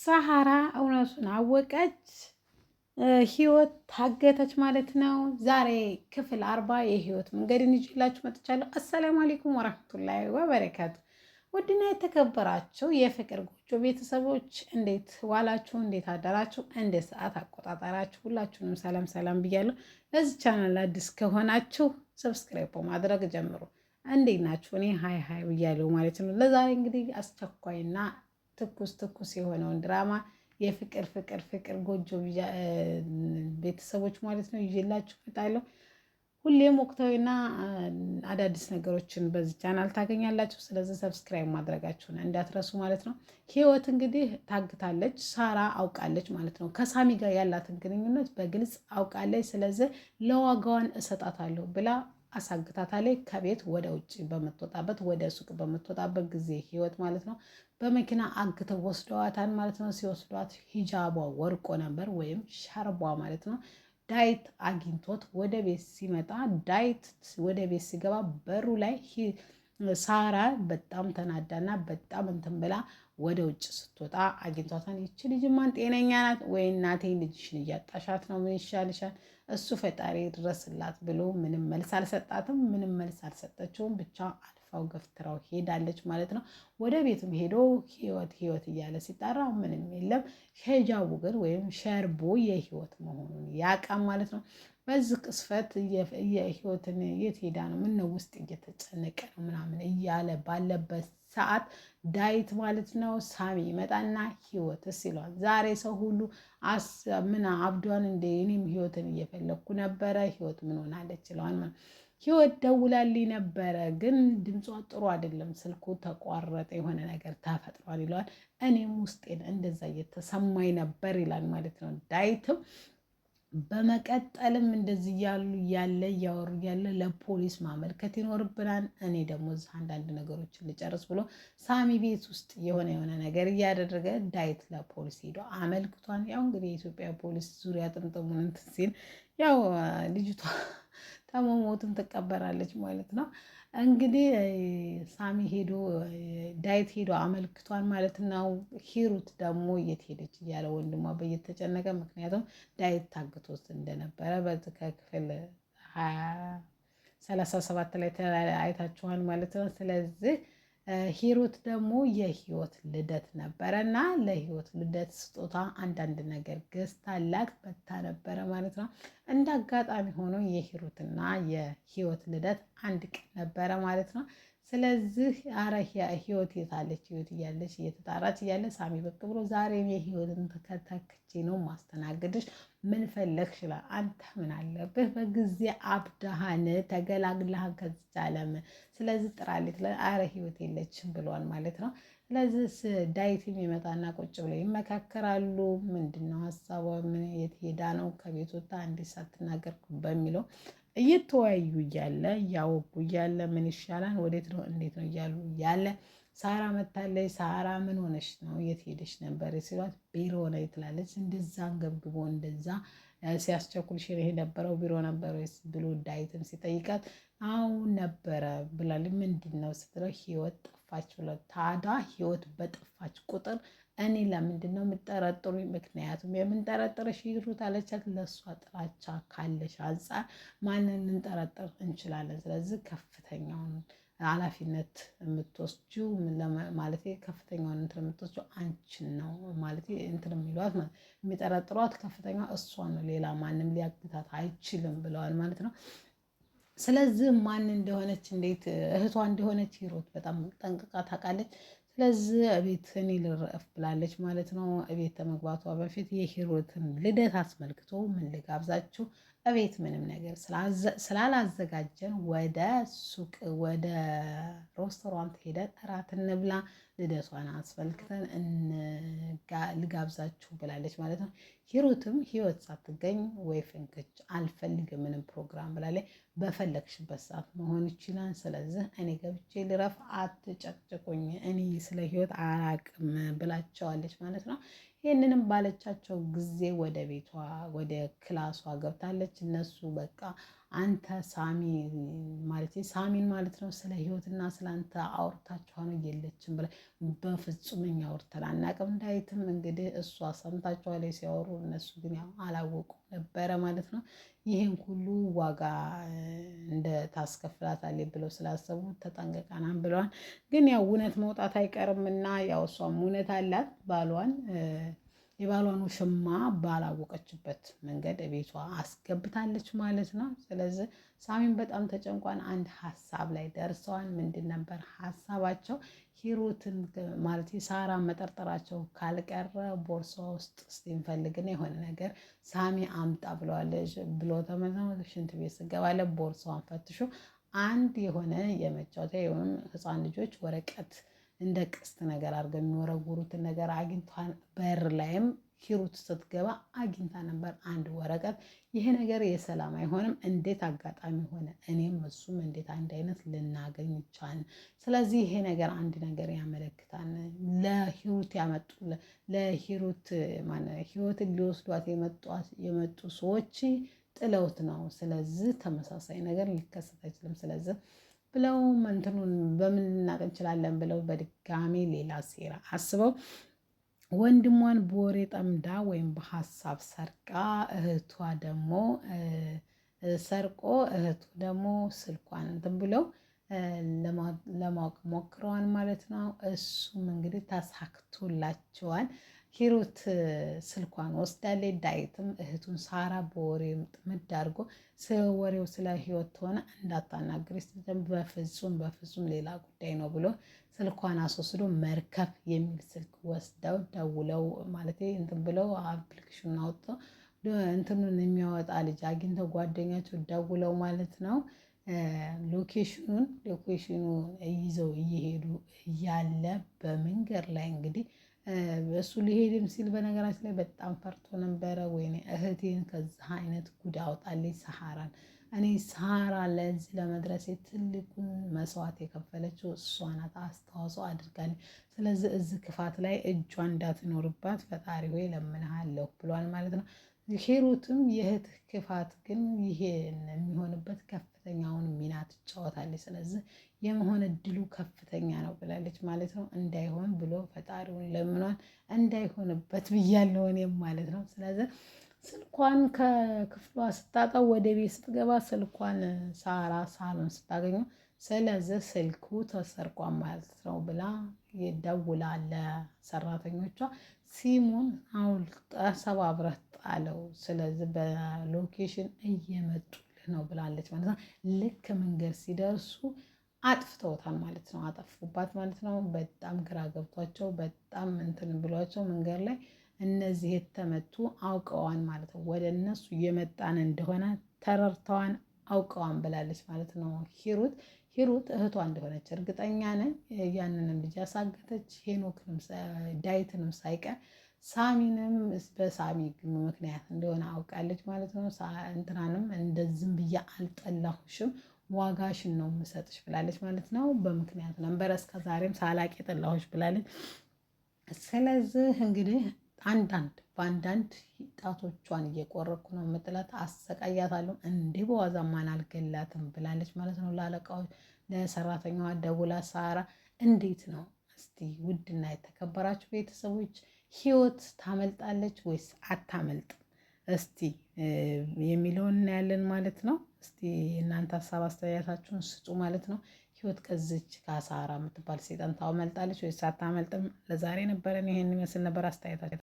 ሰሃራ እውነቱን አወቀች፣ ህይወት ታገተች ማለት ነው። ዛሬ ክፍል አርባ የህይወት መንገድን ይዤላችሁ መጥቻለሁ። አሰላሙ አለይኩም ወራህመቱላሂ ወበረካቱ። ውድና የተከበራችሁ የፍቅር ጎጆ ቤተሰቦች እንዴት ዋላችሁ? እንዴት አደራችሁ? እንዴት ሰዓት አቆጣጠራችሁ? ሁላችሁንም ሰላም ሰላም ብያለሁ። ለዚህ ቻናል አዲስ ከሆናችሁ ሰብስክራይብ በማድረግ ጀምሩ። እንዴት ናችሁ? እኔ ሀይ ሀይ ብያለሁ ማለት ነው። ለዛሬ እንግዲህ አስቸኳይና ትኩስ ትኩስ የሆነውን ድራማ የፍቅር ፍቅር ፍቅር ጎጆ ቤተሰቦች ማለት ነው ይዤላችሁ እመጣለሁ። ሁሌም ወቅታዊና አዳዲስ ነገሮችን በዚህ ቻናል ታገኛላችሁ። ስለዚህ ሰብስክራይብ ማድረጋችሁን እንዳትረሱ ማለት ነው። ህይወት እንግዲህ ታግታለች፣ ሳራ አውቃለች ማለት ነው። ከሳሚ ጋር ያላትን ግንኙነት በግልጽ አውቃለች። ስለዚህ ለዋጋዋን እሰጣታለሁ ብላ አሳግታታለች። ከቤት ወደ ውጭ በምትወጣበት ወደ ሱቅ በምትወጣበት ጊዜ ህይወት ማለት ነው በመኪና አግተው ወስደዋታን ማለት ነው። ሲወስዷት ሂጃቧ ወርቆ ነበር ወይም ሻርቧ ማለት ነው። ዳይት አግኝቶት ወደ ቤት ሲመጣ ዳይት ወደ ቤት ሲገባ በሩ ላይ ሳራ በጣም ተናዳና በጣም እንትን ብላ ወደ ውጭ ስትወጣ አግኝቷታን ይቺ ልጅማን ጤነኛ ናት ወይ እናቴ ልጅሽን እያጣሻት ነው ምን ይሻልሻል እሱ ፈጣሪ ድረስላት ብሎ ምንም መልስ አልሰጣትም ምንም መልስ አልሰጠችውም ብቻ አልፋው ገፍትራው ሄዳለች ማለት ነው ወደ ቤቱም ሄዶ ህይወት ህይወት እያለ ሲጣራ ምንም የለም ሄጃቡ ግን ወይም ሸርቦ የህይወት መሆኑን ያውቃል ማለት ነው በዚህ ቅስፈት የህይወትን የት ሄዳ ነው? ምነው ውስጥ እየተጨነቀ ነው ምናምን እያለ ባለበት ሰዓት ዳዊት ማለት ነው ሳሚ ይመጣና ህይወትስ ይለዋል። ዛሬ ሰው ሁሉ ምን አብዷን እንደ እኔም ህይወትን እየፈለግኩ ነበረ፣ ህይወት ምን ሆናለች ይለዋል። ህይወት ደውላልኝ ነበረ፣ ግን ድምጿ ጥሩ አይደለም፣ ስልኩ ተቋረጠ፣ የሆነ ነገር ተፈጥሯል ይለዋል። እኔም ውስጤን እንደዛ እየተሰማኝ ነበር ይላል ማለት ነው ዳዊትም በመቀጠልም እንደዚህ እያሉ እያለ እያወሩ እያለ ለፖሊስ ማመልከት ይኖርብናል። እኔ ደግሞ እዚህ አንዳንድ ነገሮችን ልጨርስ ብሎ ሳሚ ቤት ውስጥ የሆነ የሆነ ነገር እያደረገ ዳዊት ለፖሊስ ሄዶ አመልክቷን። ያው እንግዲህ የኢትዮጵያ ፖሊስ ዙሪያ ጥምጥሙን እንትን ሲል ያው ልጅቷ ተሞሞትም ትቀበራለች ማለት ነው። እንግዲህ ሳሚ ሄዶ ዳይት ሄዶ አመልክቷል ማለት ነው። ሂሩት ደግሞ የት ሄደች እያለ ወንድሟ በየተጨነቀ ምክንያቱም ዳዊት ታግቶት እንደነበረ በዚህ ከክፍል ሰላሳ ሰባት ላይ አይታችኋል ማለት ነው። ስለዚህ ሂሩት ደግሞ የህይወት ልደት ነበረ እና ለህይወት ልደት ስጦታ አንዳንድ ነገር ገዝታላት በታ ነበረ ማለት ነው። እንደ አጋጣሚ ሆኖ የሂሩትና የህይወት ልደት አንድ ቀን ነበረ ማለት ነው። ስለዚህ አረ ህይወት የታለች ህይወት እያለች እየተጣራች እያለ ሳሚ ብቅ ብሎ ዛሬም የህይወትን ተከታክቼ ነው ማስተናገድሽ ምን ፈለግሽ ይላል። አንተ ምን አለብህ? በጊዜ አብዳሃን ተገላግላሃን ከዚች ዓለም ስለዚህ ጥራልኝ አረ ህይወት የለችም ብሏል ማለት ነው። ስለዚህ ዳይት የሚመጣና ቁጭ ብሎ ይመካከራሉ። ምንድነው ሀሳቧ? ምን የት ሄዳ ነው? ከቤት ወጣ እንዲ ሳትናገር በሚለው እየተወያዩ እያለ እያወጉ እያለ ምን ይሻላል፣ ወዴት ነው፣ እንዴት ነው እያሉ እያለ ሳራ መታለች። ሳራ ምን ሆነች ነው የት ሄደች ነበር ሲሏት ቢሮ ላይ ትላለች። እንደዛ አንገብግቦ እንደዛ ሲያስቸኩልሽ የነበረው ቢሮ ነበር ብሎ ዳይትም ሲጠይቃት አሁን ነበረ ብላል። ምንድን ነው ስትለው ህይወት ጠፋች ብለ ታዳ ህይወት በጠፋች ቁጥር እኔ ለምንድን ነው የምጠረጥሩ? ምክንያቱም የምንጠረጥርሽ ሂሩት አለቻት። ለእሷ ጥላቻ ካለሽ አንጻር ማንን ልንጠረጥር እንችላለን? ስለዚህ ከፍተኛውን ኃላፊነት የምትወስጂው ማለት ከፍተኛውን እንትን የምትወስጂው አንቺን ነው ማለት እንትን የሚሏት ማለት የሚጠረጥሯት ከፍተኛ እሷን ነው። ሌላ ማንም ሊያግታት አይችልም ብለዋል ማለት ነው። ስለዚህ ማን እንደሆነች እንዴት እህቷ እንደሆነች ሂሩት በጣም ጠንቅቃ ታውቃለች። ስለዚህ እቤት እኔ ልረፍ ብላለች ማለት ነው። እቤት ከመግባቷ በፊት የሂሩትን ልደት አስመልክቶ ምን ልጋብዛችሁ እቤት ምንም ነገር ስላላዘጋጀን ወደ ሱቅ ወደ ሬስቶራንት ሄደን እራት እንብላ ልደቷን አስፈልግተን ልጋብዛችሁ ብላለች ማለት ነው። ሂሩትም ህይወት ሳትገኝ ወይ ፍንክች አልፈልግ ምንም ፕሮግራም ብላለች። በፈለግሽበት ሰዓት መሆን ይችላል። ስለዚህ እኔ ገብቼ ልረፍ፣ አትጨቅጭቁኝ፣ እኔ ስለ ህይወት አላቅም ብላቸዋለች ማለት ነው። ይህንንም ባለቻቸው ጊዜ ወደ ቤቷ ወደ ክላሷ ገብታለች። እነሱ በቃ አንተ ሳሚ ማለት ሳሚን ማለት ነው። ስለ ህይወትና ስለ አንተ አውርታችኋ ነው የለችም ብላ በፍጹም እኛ አውርተን አናውቅም። እንዳይትም እንግዲህ እሷ ሰምታችኋ ላይ ሲያወሩ እነሱ ግን ያው አላወቁ ነበረ ማለት ነው። ይህን ሁሉ ዋጋ እንደ ታስከፍላታለች ብለው ስላሰቡ ተጠንቀቃናም ብለዋል። ግን ያው እውነት መውጣት አይቀርምና ያው እሷም እውነት አላት ባሏን የባሏን ውሽማ ባላወቀችበት መንገድ ቤቷ አስገብታለች ማለት ነው። ስለዚህ ሳሚን በጣም ተጨንቋን አንድ ሀሳብ ላይ ደርሰዋል። ምንድን ነበር ሀሳባቸው? ሂሩትን ማለት የሳራ መጠርጠራቸው ካልቀረ ቦርሳ ውስጥ እስቲ የሆነ ነገር ሳሚ አምጣ ብለዋለች ብሎ ተመልሰው ሽንት ቤት ስገባለ ቦርሳዋን ፈትሾ አንድ የሆነ የመጫወቻ ወይም ህፃን ልጆች ወረቀት እንደ ቅስት ነገር አድርገው የሚወረውሩትን ነገር አግኝቷ በር ላይም ሂሩት ስትገባ አግኝታ ነበር አንድ ወረቀት። ይሄ ነገር የሰላም አይሆንም፣ እንዴት አጋጣሚ ሆነ? እኔም እሱም እንዴት አንድ አይነት ልናገኝ ይቻልን? ስለዚህ ይሄ ነገር አንድ ነገር ያመለክታል። ለሂሩት ያመጡ ለሂሩት ህይወትን ሊወስዷት የመጡ ሰዎች ጥለውት ነው። ስለዚህ ተመሳሳይ ነገር ሊከሰት አይችልም። ስለዚህ ብለው እንትኑን በምን ልናቅ እንችላለን ብለው በድጋሚ ሌላ ሴራ አስበው ወንድሟን በወሬ ጠምዳ ወይም በሀሳብ ሰርቃ እህቷ ደግሞ ሰርቆ እህቱ ደግሞ ስልኳን እንትን ብለው ለማወቅ ሞክረዋል ማለት ነው። እሱም እንግዲህ ተሳክቶላቸዋል። ሂሩት ስልኳን ወስዳለች። ዳዊትም እህቱን ሳራ በወሬ ጥምድ አድርጎ ወሬው ስለ ህይወት ሆነ እንዳታናግሪ ስትል በፍጹም በፍጹም ሌላ ጉዳይ ነው ብሎ ስልኳን አስወስዶ መርከብ የሚል ስልክ ወስደው ደውለው ማለት እንትን ብለው አፕሊኬሽኑን አውጥተው እንትኑን የሚያወጣ ልጅ አግኝተው ጓደኛቸው ደውለው ማለት ነው ሎኬሽኑን ሎኬሽኑን ይዘው እየሄዱ እያለ በመንገድ ላይ እንግዲህ እሱ ሊሄድም ሲል በነገራችን ላይ በጣም ፈርቶ ነበረ። ወይኔ እህቴን ከዚህ አይነት ጉድ አውጣልኝ ሰሃራን። እኔ ሰሃራ ለዚህ ለመድረሴ ትልቁን መስዋዕት የከፈለችው እሷ ናት፣ አስተዋጽኦ አድርጋለች። ስለዚህ እዚህ ክፋት ላይ እጇ እንዳትኖርባት ፈጣሪ ሆይ ለምንሃለሁ ብሏል ማለት ነው። ሄሩትም የህት ክፋት ግን ይሄን የሚሆንበት ከፍተኛውን ሚና ትጫወታለች። ስለዚህ የመሆን እድሉ ከፍተኛ ነው ብላለች ማለት ነው። እንዳይሆን ብሎ ፈጣሪውን ለምኗል። እንዳይሆንበት ብያለሁ እኔም ማለት ነው። ስለዚህ ስልኳን ከክፍሏ ስታጣው ወደ ቤት ስትገባ ስልኳን ሳራ ሳሎን ስታገኙ፣ ስለዚህ ስልኩ ተሰርቋን ማለት ነው ብላ የደውላለ ሰራተኞቿ ሲሙን አውልቀህ ሰባብረህ አለው። ስለዚህ በሎኬሽን እየመጡልህ ነው ብላለች ማለት ነው። ልክ መንገድ ሲደርሱ አጥፍተውታል ማለት ነው። አጠፉባት ማለት ነው። በጣም ግራ ገብቷቸው በጣም እንትን ብሏቸው መንገድ ላይ እነዚህ የተመቱ አውቀዋን ማለት ነው። ወደ እነሱ እየመጣን እንደሆነ ተረርተዋን አውቀዋን ብላለች ማለት ነው። ሂሩት ሂሩት እህቷ እንደሆነች እርግጠኛ ነን። ያንንም ልጅ ያሳገተች ሄኖክንም ዳይትንም ሳይቀር ሳሚንም በሳሚ ምክንያት እንደሆነ አውቃለች ማለት ነው። እንትናንም እንደዝም ብዬ አልጠላሁሽም ዋጋሽን ነው የምሰጥሽ ብላለች ማለት ነው። በምክንያት ነበረ እስከ ዛሬም ሳላቅ የጠላሁሽ ብላለች። ስለዚህ እንግዲህ አንዳንድ በአንዳንድ ጣቶቿን እየቆረኩ ነው የምጥላት፣ አሰቃያታለሁ እንዲህ በዋዛማን አልገላትም ብላለች ማለት ነው። ላለቃዎች ለሰራተኛዋ ደውላ ሳራ እንዴት ነው እስቲ ውድና የተከበራችሁ ቤተሰቦች ህይወት ታመልጣለች ወይስ አታመልጥም? እስቲ የሚለውን እናያለን ማለት ነው። እስቲ እናንተ ሀሳብ አስተያየታችሁን ስጡ ማለት ነው። ህይወት ከዚች ከሳራ የምትባል ሴጠን ታመልጣለች ወይስ አታመልጥም? ለዛሬ ነበረን ይሄን ይመስል ነበር አስተያየታችሁ